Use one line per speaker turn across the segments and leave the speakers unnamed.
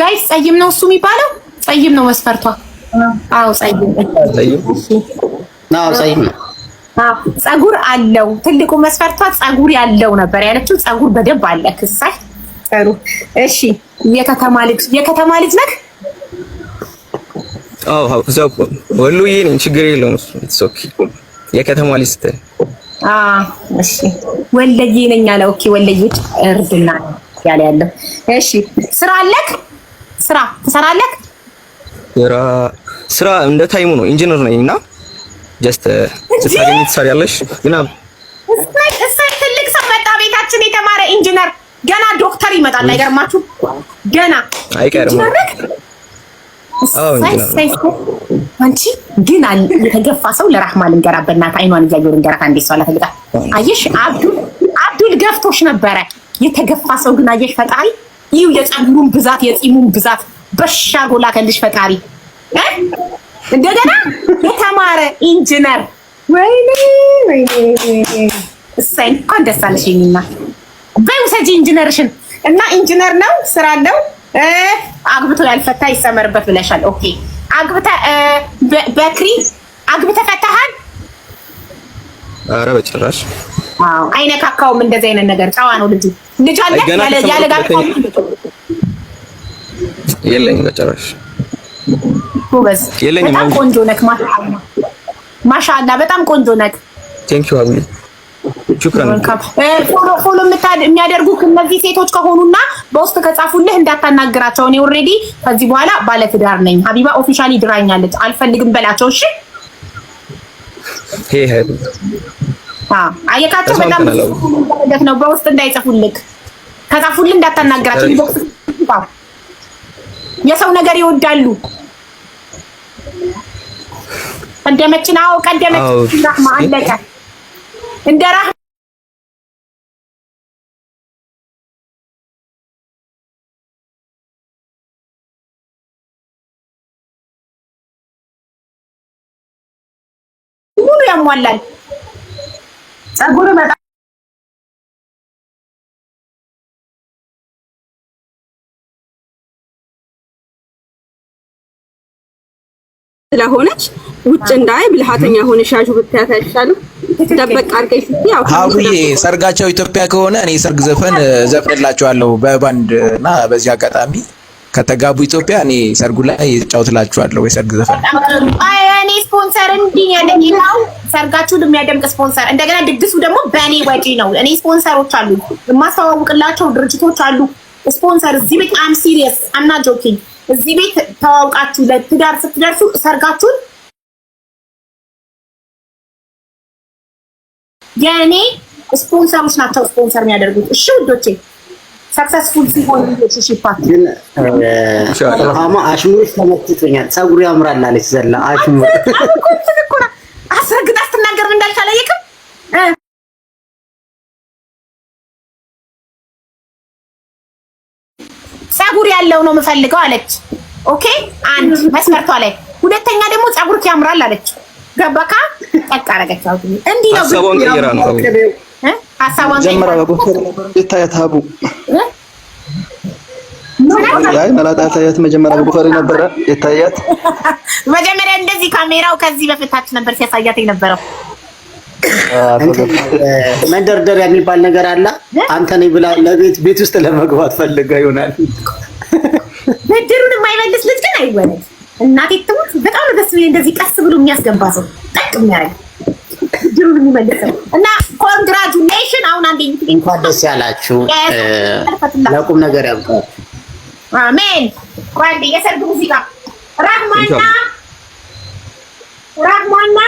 ጋይስ ፀይም ነው እሱ የሚባለው። ፀይም ነው መስፈርቷ። አዎ ፀጉር አለው ትልቁ መስፈርቷ ፀጉር ያለው ነበር ያለችው። ፀጉር በደንብ አለ። ክሳይ ጥሩ። እሺ የከተማ ልጅ የከተማ ልጅ ነህ?
ወሎዬ ነኝ። ችግር የለውም የከተማ ልጅ ስትል
እሺ ወለዬ ነኝ አለ። ኦኬ ወለዬ እርድና ያለ ያለው። እሺ ስራ አለክ? ስራ ትሰራለክ?
ስራ ስራ እንደ ታይሙ ነው። ኢንጂነር ነኝ እና ጀስት ስታገኝ ትሰሪያለሽ። ግን
እሰይ ትልቅ ሰው መጣ። ቤታችን የተማረ ኢንጂነር ገና ዶክተር ይመጣል። አይገርማችሁ? ገና አይቀርም። አዎ ኢንጂነር አንቺ ግን የተገፋ ሰው ለራህማ ልንገራ፣ በእናትህ አይኗን እያየሁ ልንገራት። አንዴ ሰው አላፈልጋል። አየሽ አብዱል አብዱል ገፍቶሽ ነበረ። የተገፋ ሰው ግን አየሽ ፈጣሪ ይው የጸጉሩን ብዛት የፂሙን ብዛት በሻ ጎላ ከልሽ ፈጣሪ እንደገና የተማረ ኢንጂነር
ወይኔ ወይኔ
እሰይ እንኳን ደስ አለሽ የሚና በይ ውሰጂ ኢንጂነርሽን እና ኢንጂነር ነው ስራ አለው አግብቶ ያልፈታ ይሰመርበት ብለሻል ኦኬ አግብተህ በክሪስ አግብተህ ፈታሃል?
ኧረ በጭራሽ
አይነካካውም። እንደዚህ አይነት ነገር ጨዋ ነው ልጁ። ልጅ አለ ያለ ጋር
የለኝም በጭራሽ
ጎበዝ የለኝም። በጣም ቆንጆ ነክ ማሻአላ፣ በጣም ቆንጆ ነክ። ቴንክ ዩ አቡዬ ፎሎ ፎሎ የሚያደርጉ እነዚህ ሴቶች ከሆኑና በውስጥ ከጻፉልህ እንዳታናግራቸው። እኔ ኦልሬዲ ከዚህ በኋላ ባለትዳር ነኝ፣ ሀቢባ ኦፊሻሊ ድራኛለች፣ አልፈልግም በላቸው። እሺ አየካቸው። በጣም ደት ነው። በውስጥ እንዳይጽፉልክ፣ ከጻፉልህ እንዳታናግራቸው። የሰው ነገር ይወዳሉ። ቀደመችን። አዎ ቀደመችን።
ራህማ አለቀ
ያሟላል። ጸጉር በጣም ስለሆነች ውጭ እንዳይ ብልሃተኛ ሆነ ሻሹ ብታያት አይሻልም? ደበቅ
ያው አቡዬ ሰርጋቸው ኢትዮጵያ ከሆነ እኔ ሰርግ ዘፈን ዘፈንላችኋለሁ በባንድ እና በዚህ አጋጣሚ ከተጋቡ ኢትዮጵያ እኔ ሰርጉ ላይ ጫውትላችኋለሁ ወይ ሰርግ ዘፈን
እኔ ስፖንሰር እንዲህ ያለኝ ነው። ሰርጋችሁን የሚያደምቅ ስፖንሰር፣ እንደገና ድግሱ ደግሞ በእኔ ወጪ ነው። እኔ ስፖንሰሮች አሉ፣ የማስተዋውቅላቸው ድርጅቶች አሉ። ስፖንሰር እዚህ ቤት አም ሲሪየስ አና ጆኪንግ። እዚህ ቤት ተዋውቃችሁ ለትዳር ስትደርሱ ሰርጋችሁን የእኔ ስፖንሰሮች ናቸው ስፖንሰር የሚያደርጉት። እሺ ውዶቼ ሰክሰስፉል ሲሆን ሽሽፓግን
ሩሃማ አሽሙሮች ተመትቶኛል። ፀጉር ያምራል አለች ዘላ አሽሙር
አስረግጣ ስትናገር እንዳልሽ አላየክም። ፀጉር ያለው ነው የምፈልገው አለች። ኦኬ አንድ መስመርቷ ላይ፣ ሁለተኛ ደግሞ ፀጉር ያምራል አለች። ገባካ ጠቅ አረገች። አሁን እንዲህ ነው
ሀሳቧን ቀይራ ነው ሀሳቧን ቀይራ ያይ መላጣ ታያት መጀመሪያ ቡኸሪ ነበረ የታያት።
መጀመሪያ እንደዚህ ካሜራው ከዚህ በፊታች ነበር ሲያሳያት የነበረው።
መንደርደር የሚባል ነገር አለ። አንተ ነኝ ብላ ለቤት ቤት ውስጥ ለመግባት ፈልጋ ይሆናል።
ብድሩን የማይመልስ ልጅ ግን አይወለድ። እናቴ ትሙት። በጣም ደስ ብዬ እንደዚህ ቀስ ብሎ የሚያስገባ ሰው ጠቅ የሚያደርግ ብድሩን የሚመልስ እና ኮንግራጁሌሽን። አሁን አንዴ
እንኳን ደስ ያላችሁ። ለቁም ነገር ያብቃችሁ።
አሜን። ቆንዲ የሰርግ ሙዚቃ ራህማና ራህማና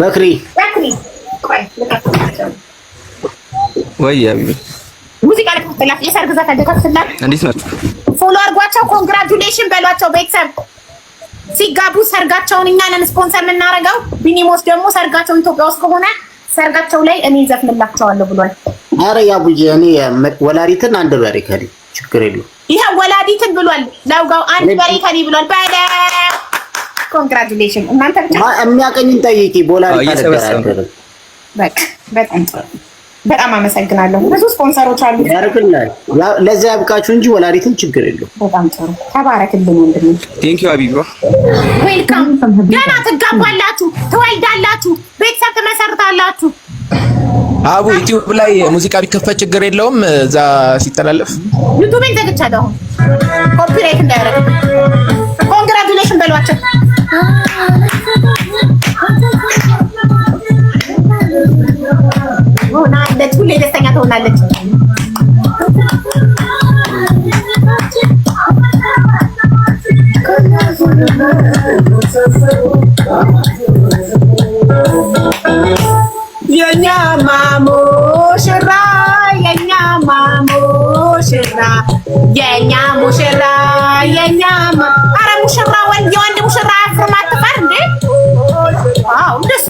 በክሪ በክሪ ወይ አቢ ሙዚቃ ለካፍታላት የሰርግ ዘፈን እንደከፍትላት እንዴት ናችሁ? ፎሎ አድርጓቸው። ኮንግራቹሌሽን በሏቸው ቤተሰብ ሲጋቡ ሰርጋቸውን እኛ ነን ስፖንሰር የምናደርገው። ቢኒሞስ ደግሞ ሰርጋቸውን ኢትዮጵያ ውስጥ ከሆነ ሰርጋቸው ላይ እኔ ዘፍንላቸዋለሁ ብሏል።
አረ ያቡጂ እኔ ወላሪትን አንድ በሬ ከሪ ችግር የለው።
ይሄ ወላዲትን ብሏል። ለውጋው አንድ በሬ ከኔ ብሏል። ባለ ኮንግራቹሌሽን እናንተ
ብቻ የሚያቀኝን ጠይቂ። ቦላዲ
በቃ በጣም አመሰግናለሁ። ብዙ ስፖንሰሮች አሉ።
ያርክልናል። ያብቃችሁ እንጂ ወላዲትን ችግር የለው።
በጣም ጥሩ ተባረክልኝ ወንድሜ። ቴንክ አቢባ ዌልካም። ገና ትጋባላችሁ፣ ትወልዳላችሁ፣ ቤተሰብ ትመሰርታላችሁ።
አቡ ዩቲዩብ ላይ ሙዚቃ ቢከፈት ችግር የለውም። እዛ ሲተላለፍ
ዩቲዩብን ዘግቻለሁ። ኮፒራይት እንዳያደርግ ኮንግራቹሌሽን በሏቸው። ሆናለች፣ ሁሌ ደስተኛ ትሆናለች። ሙሽራ የኛ ሙሽራ የኛ አረ ሙሽራ ወንድ የወንድ ሙሽራ አፍርማ ትፈር እንዴ? አዎ ደስ